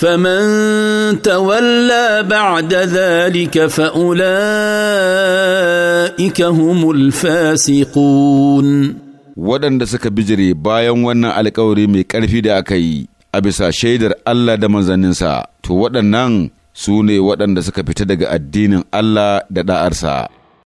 فمن تولى بعد ذلك فأولئك هم الفاسقون waɗanda suka bijire bayan wannan alkawari mai ƙarfi da aka yi a bisa shaidar Allah da manzanninsa, to waɗannan su ne waɗanda suka fita daga addinin Allah da ɗa'arsa.